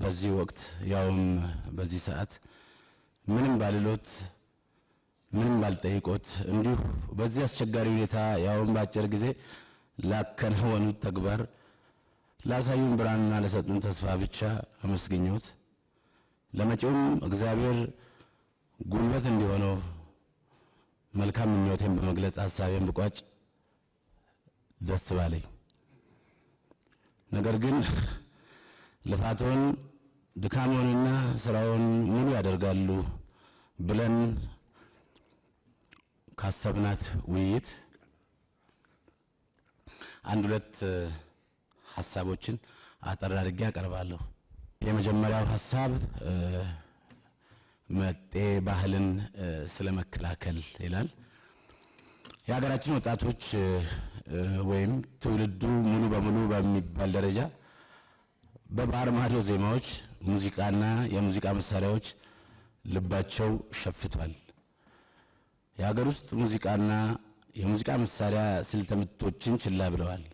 በዚህ ወቅት ያውም በዚህ ሰዓት ምንም ባልሎት ምንም ባልጠይቆት እንዲሁ በዚህ አስቸጋሪ ሁኔታ ያውም በአጭር ጊዜ ላከናወኑት ተግባር ላሳዩን ብርሃንና ለሰጡን ተስፋ ብቻ አመስግኘውት ለመጪውም እግዚአብሔር ጉልበት እንዲሆነው መልካም ምኞቴን በመግለጽ ሀሳቤን ብቋጭ ደስ ባለኝ። ነገር ግን ልፋቶን ድካሞንና ስራውን ሙሉ ያደርጋሉ ብለን ካሰብናት ውይይት አንድ ሁለት ሀሳቦችን አጠር አድርጌ አቀርባለሁ። የመጀመሪያው ሀሳብ መጤ ባህልን ስለ መከላከል ይላል። የሀገራችን ወጣቶች ወይም ትውልዱ ሙሉ በሙሉ በሚባል ደረጃ በባህር ማዶ ዜማዎች፣ ሙዚቃና የሙዚቃ መሳሪያዎች ልባቸው ሸፍቷል። የሀገር ውስጥ ሙዚቃና የሙዚቃ መሳሪያ ስልተ ምቶችን ችላ ብለዋል።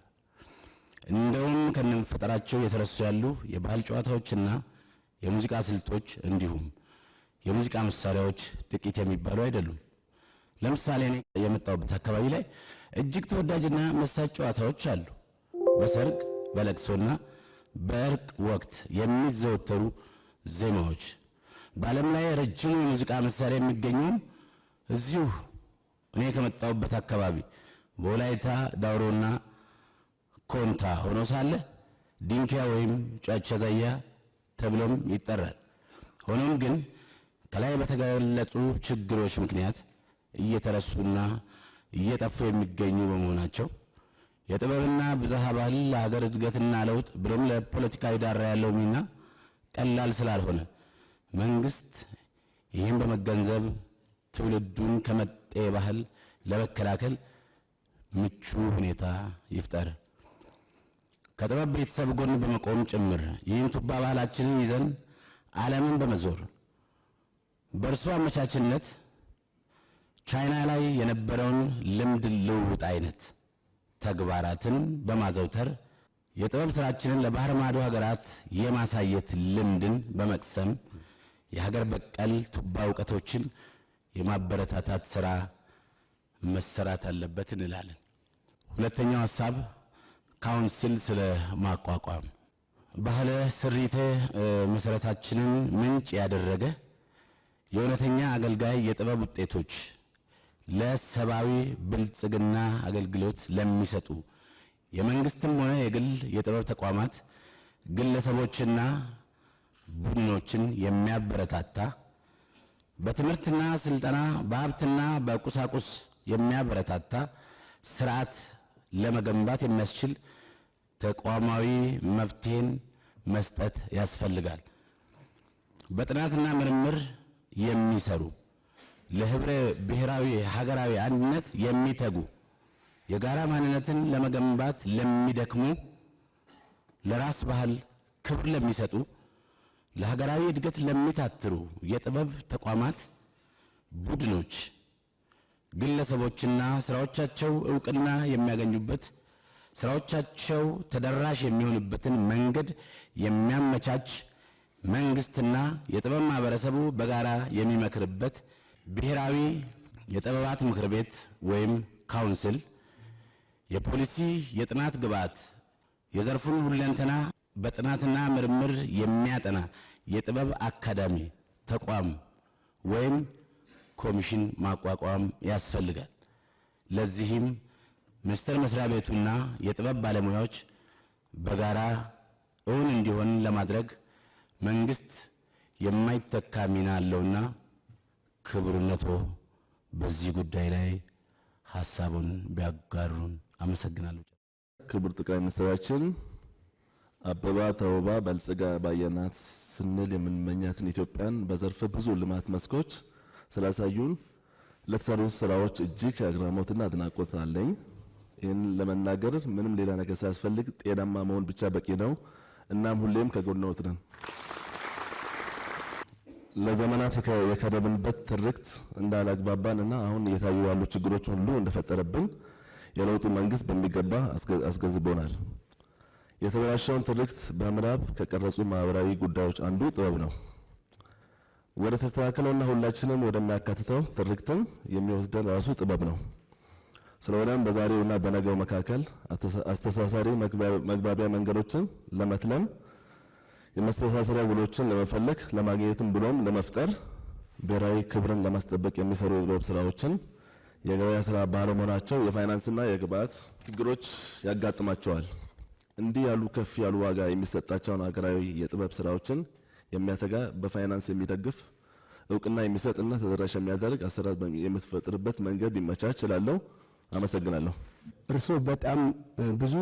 እንደውም ከነመፈጠራቸው የተረሱ ያሉ የባህል ጨዋታዎችና የሙዚቃ ስልቶች እንዲሁም የሙዚቃ መሳሪያዎች ጥቂት የሚባሉ አይደሉም። ለምሳሌ እኔ የመጣሁበት አካባቢ ላይ እጅግ ተወዳጅና መሳጭ ጨዋታዎች አሉ። በሰርግ በለቅሶና በእርቅ ወቅት የሚዘወተሩ ዜማዎች። በዓለም ላይ ረጅሙ የሙዚቃ መሳሪያ የሚገኘውም እዚሁ እኔ ከመጣሁበት አካባቢ በወላይታ ዳውሮና ኮንታ ሆኖ ሳለ ዲንኪያ ወይም ጫቻ ተብሎም ይጠራል። ሆኖም ግን ከላይ በተገለጹ ችግሮች ምክንያት እየተረሱና እየጠፉ የሚገኙ በመሆናቸው የጥበብና ብዝሃ ባህል ለሀገር እድገትና ለውጥ ብሎም ለፖለቲካ ዳራ ያለው ሚና ቀላል ስላልሆነ መንግስት ይህም በመገንዘብ ትውልዱን ከመጤ ባህል ለመከላከል ምቹ ሁኔታ ይፍጠር፣ ከጥበብ ቤተሰብ ጎን በመቆም ጭምር ይህን ቱባ ባህላችንን ይዘን ዓለምን በመዞር በእርሱ አመቻችነት ቻይና ላይ የነበረውን ልምድ ልውውጥ አይነት ተግባራትን በማዘውተር የጥበብ ስራችንን ለባህር ማዶ ሀገራት የማሳየት ልምድን በመቅሰም የሀገር በቀል ቱባ እውቀቶችን የማበረታታት ስራ መሰራት አለበት እንላለን። ሁለተኛው ሀሳብ ካውንስል ስለ ማቋቋም ባህለ ስሪተ መሰረታችንን ምንጭ ያደረገ የእውነተኛ አገልጋይ የጥበብ ውጤቶች ለሰብአዊ ብልጽግና አገልግሎት ለሚሰጡ የመንግስትም ሆነ የግል የጥበብ ተቋማት ግለሰቦችና ቡድኖችን የሚያበረታታ በትምህርትና ስልጠና በሀብትና በቁሳቁስ የሚያበረታታ ስርዓት ለመገንባት የሚያስችል ተቋማዊ መፍትሄን መስጠት ያስፈልጋል። በጥናትና ምርምር የሚሰሩ ለህብረ ብሔራዊ ሀገራዊ አንድነት የሚተጉ የጋራ ማንነትን ለመገንባት ለሚደክሙ ለራስ ባህል ክብር ለሚሰጡ ለሀገራዊ እድገት ለሚታትሩ የጥበብ ተቋማት፣ ቡድኖች፣ ግለሰቦችና ስራዎቻቸው እውቅና የሚያገኙበት ስራዎቻቸው ተደራሽ የሚሆንበትን መንገድ የሚያመቻች መንግስትና የጥበብ ማህበረሰቡ በጋራ የሚመክርበት ብሔራዊ የጥበባት ምክር ቤት ወይም ካውንስል የፖሊሲ የጥናት ግብዓት የዘርፉን ሁለንተና በጥናትና ምርምር የሚያጠና የጥበብ አካዳሚ ተቋም ወይም ኮሚሽን ማቋቋም ያስፈልጋል። ለዚህም ሚኒስቴር መስሪያ ቤቱና የጥበብ ባለሙያዎች በጋራ እውን እንዲሆን ለማድረግ መንግስት የማይተካ ሚና አለውና ክቡርነቶ በዚህ ጉዳይ ላይ ሀሳቡን ቢያጋሩን አመሰግናለሁ። ክቡር ጠቅላይ ሚኒስትራችን አበባ ተውባ በልጽጋ ባየናት ስንል የምንመኛትን ኢትዮጵያን በዘርፈ ብዙ ልማት መስኮች ስላሳዩን ለተሰሩ ስራዎች እጅግ አግራሞትና አድናቆት አለኝ። ይህን ለመናገር ምንም ሌላ ነገር ሳያስፈልግ ጤናማ መሆን ብቻ በቂ ነው። እናም ሁሌም ከጎንዎት ነን። ለዘመናት የከረምንበት ትርክት እንዳላግባባን እና አሁን እየታዩ ያሉ ችግሮች ሁሉ እንደፈጠረብን የለውጡ መንግስት በሚገባ አስገንዝቦናል። የተበላሸውን ትርክት በምናብ ከቀረጹ ማህበራዊ ጉዳዮች አንዱ ጥበብ ነው። ወደ ተስተካከለውና ሁላችንም ወደሚያካትተው ትርክትም የሚወስደን ራሱ ጥበብ ነው። ስለሆነም በዛሬውና በነገው መካከል አስተሳሳሪ መግባቢያ መንገዶችን ለመትለም የመስተሳሰሪያ ውሎችን ለመፈለግ ለማግኘትም ብሎም ለመፍጠር ብሔራዊ ክብርን ለማስጠበቅ የሚሰሩ የጥበብ ስራዎችን የገበያ ስራ ባለመሆናቸው የፋይናንስና የግብአት ችግሮች ያጋጥማቸዋል። እንዲህ ያሉ ከፍ ያሉ ዋጋ የሚሰጣቸውን ሀገራዊ የጥበብ ስራዎችን የሚያተጋ በፋይናንስ የሚደግፍ እውቅና የሚሰጥና ተደራሽ የሚያደርግ አሰራር የምትፈጥርበት መንገድ ቢመቻች እላለሁ። አመሰግናለሁ። እርስዎ በጣም ብዙ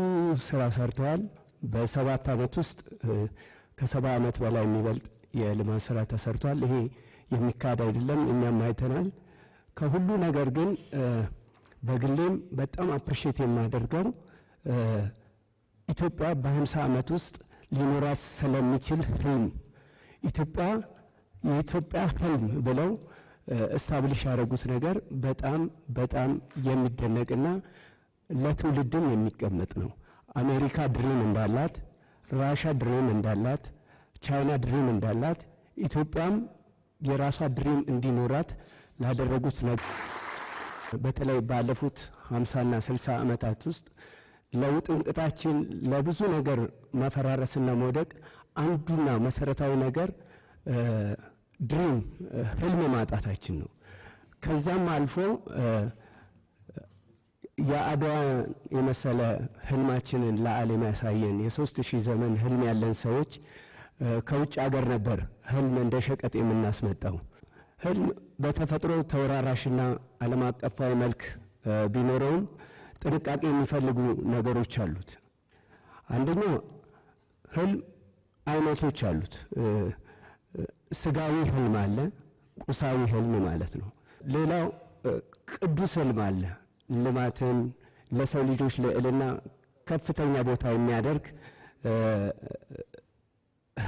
ስራ ሰርተዋል። በሰባት ዓመት ውስጥ ከሰባ ዓመት በላይ የሚበልጥ የልማት ስራ ተሰርቷል። ይሄ የሚካድ አይደለም፣ እኛም አይተናል። ከሁሉ ነገር ግን በግሌም በጣም አፕሪሼት የማደርገው ኢትዮጵያ በ50 ዓመት ውስጥ ሊኖራት ስለሚችል ህልም ኢትዮጵያ የኢትዮጵያ ህልም ብለው እስታብሊሽ ያደረጉት ነገር በጣም በጣም የሚደነቅና ለትውልድም የሚቀመጥ ነው። አሜሪካ ድሪም እንዳላት ራሻ ድሪም እንዳላት፣ ቻይና ድሪም እንዳላት ኢትዮጵያም የራሷ ድሪም እንዲኖራት ላደረጉት ነገር በተለይ ባለፉት 5ም0ና 60 ዓመታት ውስጥ ለውጥ እንቅጣችን ለብዙ ነገር መፈራረስና መውደቅ አንዱና መሰረታዊ ነገር ድሪም ህልም ማጣታችን ነው። ከዛም አልፎ የአድዋ የመሰለ ህልማችንን ለዓለም ያሳየን የሶስት ሺህ ዘመን ህልም ያለን ሰዎች ከውጭ አገር ነበር ህልም እንደ ሸቀጥ የምናስመጣው። ህልም በተፈጥሮ ተወራራሽና ዓለም አቀፋዊ መልክ ቢኖረውም ጥንቃቄ የሚፈልጉ ነገሮች አሉት። አንደኛ ህልም አይነቶች አሉት። ስጋዊ ህልም አለ፣ ቁሳዊ ህልም ማለት ነው። ሌላው ቅዱስ ህልም አለ ልማትን ለሰው ልጆች ልዕልና ከፍተኛ ቦታ የሚያደርግ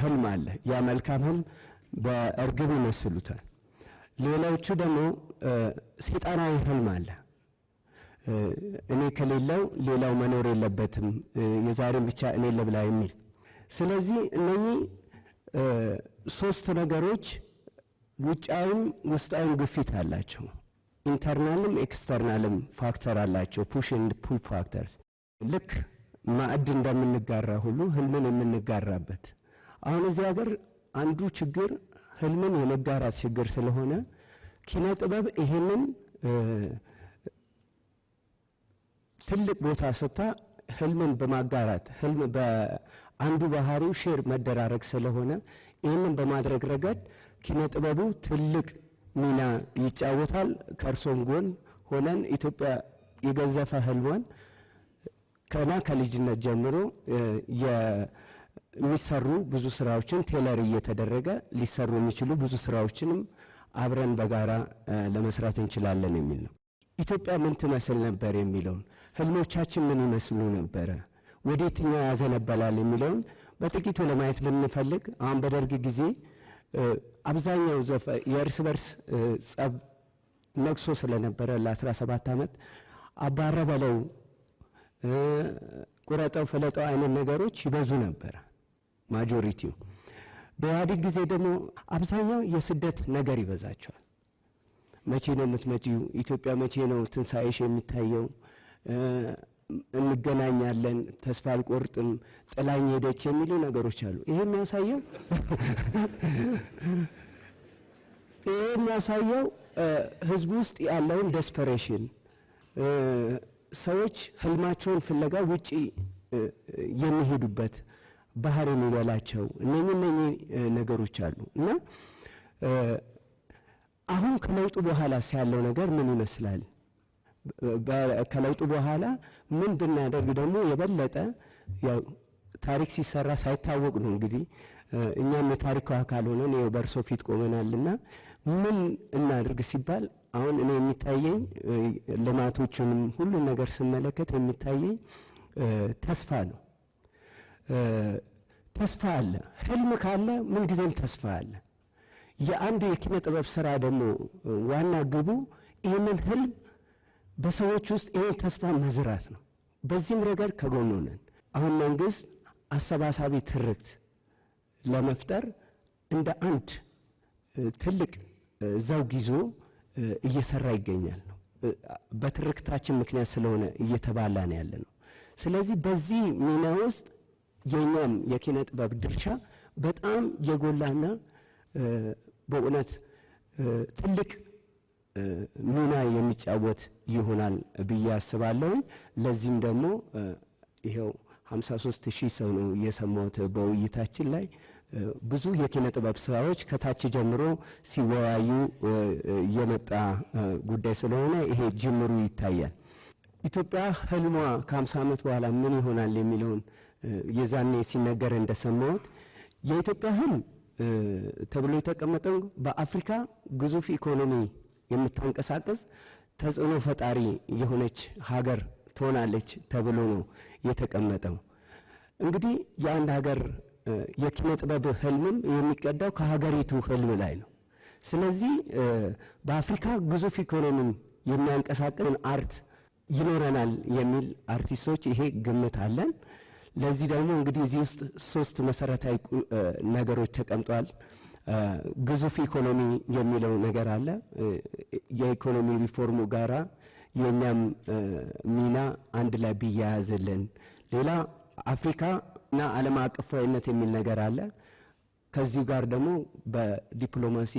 ህልም አለ። ያ መልካም ህልም በእርግብ ይመስሉታል። ሌላዎቹ ደግሞ ሴጣናዊ ህልም አለ። እኔ ከሌለው ሌላው መኖር የለበትም፣ የዛሬን ብቻ እኔ ለብላ የሚል። ስለዚህ እነኚህ ሶስት ነገሮች ውጫዊም ውስጣዊም ግፊት አላቸው። ኢንተርናልም ኤክስተርናልም ፋክተር አላቸው። ፑሽ ኤንድ ፑል ፋክተርስ ልክ ማዕድ እንደምንጋራ ሁሉ ህልምን የምንጋራበት አሁን እዚህ ሀገር አንዱ ችግር ህልምን የመጋራት ችግር ስለሆነ ኪነ ጥበብ ይህንን ትልቅ ቦታ ስታ ህልምን በማጋራት ህልም በአንዱ ባህሪው ሼር መደራረግ ስለሆነ ይህንን በማድረግ ረገድ ኪነ ጥበቡ ትልቅ ሚና ይጫወታል። ከእርሶም ጎን ሆነን ኢትዮጵያ የገዘፈ ህልሟን ከና ከልጅነት ጀምሮ የሚሰሩ ብዙ ስራዎችን ቴለር እየተደረገ ሊሰሩ የሚችሉ ብዙ ስራዎችንም አብረን በጋራ ለመስራት እንችላለን የሚል ነው። ኢትዮጵያ ምን ትመስል ነበር የሚለውን ህልሞቻችን ምን ይመስሉ ነበረ፣ ወዴትኛው ያዘነበላል የሚለውን በጥቂቱ ለማየት ብንፈልግ አሁን በደርግ ጊዜ አብዛኛው የእርስ በርስ ጸብ ነግሶ ስለነበረ ለ17 ዓመት አባረ በለው ቁረጠው ፍለጠው አይነት ነገሮች ይበዙ ነበረ ማጆሪቲው። በኢህአዴግ ጊዜ ደግሞ አብዛኛው የስደት ነገር ይበዛቸዋል። መቼ ነው የምትመጪው? ኢትዮጵያ መቼ ነው ትንሣኤሽ የሚታየው? እንገናኛለን፣ ተስፋ አልቆርጥም፣ ጥላኝ ሄደች የሚሉ ነገሮች አሉ። ይሄ የሚያሳየው ይሄ የሚያሳየው ህዝቡ ውስጥ ያለውን ደስፐሬሽን ሰዎች ህልማቸውን ፍለጋ ውጪ የሚሄዱበት ባህር የሚበላቸው እነኚህ እነኚህ ነገሮች አሉ እና አሁን ከለውጡ በኋላ ያለው ነገር ምን ይመስላል? ከለውጡ በኋላ ምን ብናደርግ ደግሞ የበለጠ ያው ታሪክ ሲሰራ ሳይታወቅ ነው እንግዲህ እኛም የታሪኩ አካል ሆነን ይኸው በእርሶ ፊት ቆመናልና ምን እናድርግ ሲባል አሁን እኔ የሚታየኝ ልማቶችንም ሁሉን ነገር ስመለከት የሚታየኝ ተስፋ ነው። ተስፋ አለ። ህልም ካለ ምንጊዜም ተስፋ አለ። የአንድ የኪነ ጥበብ ስራ ደግሞ ዋና ግቡ ይህንን ህልም በሰዎች ውስጥ ይህን ተስፋ መዝራት ነው። በዚህም ረገድ ከጎኖ ነን። አሁን መንግስት አሰባሳቢ ትርክት ለመፍጠር እንደ አንድ ትልቅ ዘውግ ይዞ እየሰራ ይገኛል ነው በትርክታችን ምክንያት ስለሆነ እየተባላ ነው ያለ ነው። ስለዚህ በዚህ ሚና ውስጥ የእኛም የኪነ ጥበብ ድርሻ በጣም የጎላና በእውነት ትልቅ ሚና የሚጫወት ይሆናል ብዬ አስባለሁኝ። ለዚህም ደግሞ ይኸው 53 ሺህ ሰው ነው የሰማሁት በውይይታችን ላይ ብዙ የኪነ ጥበብ ስራዎች ከታች ጀምሮ ሲወያዩ የመጣ ጉዳይ ስለሆነ ይሄ ጅምሩ ይታያል። ኢትዮጵያ ህልሟ ከ50 ዓመት በኋላ ምን ይሆናል የሚለውን የዛኔ ሲነገር እንደሰማሁት የኢትዮጵያ ህልም ተብሎ የተቀመጠው በአፍሪካ ግዙፍ ኢኮኖሚ የምታንቀሳቀስ ተጽዕኖ ፈጣሪ የሆነች ሀገር ትሆናለች ተብሎ ነው የተቀመጠው። እንግዲህ የአንድ ሀገር የኪነ ጥበብ ህልምም የሚቀዳው ከሀገሪቱ ህልም ላይ ነው። ስለዚህ በአፍሪካ ግዙፍ ኢኮኖሚን የሚያንቀሳቅስን አርት ይኖረናል የሚል አርቲስቶች ይሄ ግምት አለን። ለዚህ ደግሞ እንግዲህ እዚህ ውስጥ ሶስት መሰረታዊ ነገሮች ተቀምጠዋል። ግዙፍ ኢኮኖሚ የሚለው ነገር አለ። የኢኮኖሚ ሪፎርሙ ጋራ የእኛም ሚና አንድ ላይ ቢያያዝልን። ሌላ አፍሪካና ዓለም አቀፋዊነት የሚል ነገር አለ። ከዚህ ጋር ደግሞ በዲፕሎማሲ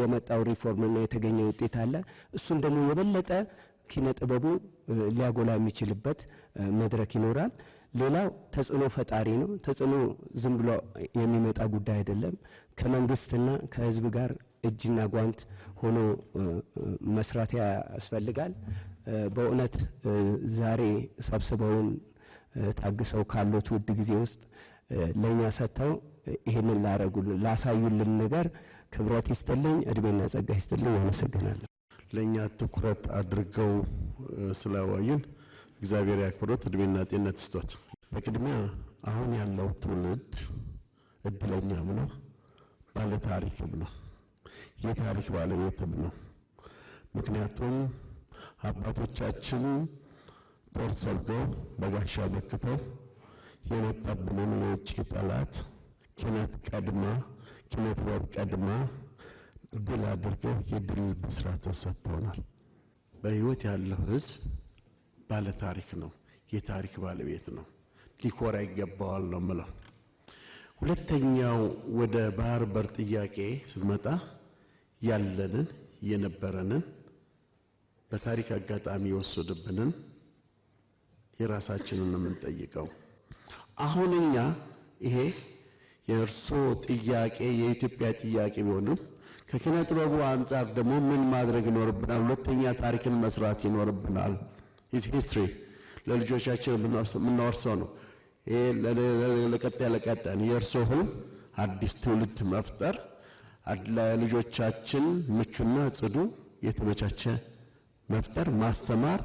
የመጣው ሪፎርምና የተገኘ ውጤት አለ። እሱን ደግሞ የበለጠ ኪነ ጥበቡ ሊያጎላ የሚችልበት መድረክ ይኖራል። ሌላው ተጽዕኖ ፈጣሪ ነው። ተጽዕኖ ዝም ብሎ የሚመጣ ጉዳይ አይደለም። ከመንግስትና ከህዝብ ጋር እጅና ጓንት ሆኖ መስራት ያስፈልጋል። በእውነት ዛሬ ሰብስበውን ታግሰው ካሉት ውድ ጊዜ ውስጥ ለእኛ ሰጥተው ይህንን ላረጉልን ላሳዩልን ነገር ክብረት ይስጥልኝ፣ እድሜና ጸጋ ይስጥልኝ። አመሰግናለሁ። ለእኛ ትኩረት አድርገው ስላዋዩን እግዚአብሔር ያክብሮት፣ እድሜና ጤነት ስጦት። በቅድሚያ አሁን ያለው ትውልድ እድለኛም ነው፣ ባለታሪክም ነው፣ የታሪክ ባለቤትም ነው። ምክንያቱም አባቶቻችን ጦር ሰልገው በጋሻ መክተው የመጣብንን የውጭ ጠላት ኪነት ቀድማ ኪነት ወር ቀድማ ድል አድርገው የድል ብስራትን ሰጥተውናል። በህይወት ያለው ህዝብ ባለ ታሪክ ነው። የታሪክ ባለቤት ነው። ሊኮራ ይገባዋል ነው ምለው። ሁለተኛው ወደ ባህር በር ጥያቄ ስንመጣ ያለንን የነበረንን በታሪክ አጋጣሚ የወሰድብንን የራሳችንን የምንጠይቀው አሁን እኛ ይሄ የእርሶ ጥያቄ የኢትዮጵያ ጥያቄ ቢሆንም ከኪነ ጥበቡ አንጻር ደግሞ ምን ማድረግ ይኖርብናል? ሁለተኛ ታሪክን መስራት ይኖርብናል። ኢዝ ሂስትሪ ለልጆቻችን የምናወርሰው ነው። ይሄ ለቀጣይ የእርሶ ህልም አዲስ ትውልድ መፍጠር ለልጆቻችን ምቹና ጽዱ የተመቻቸ መፍጠር ማስተማር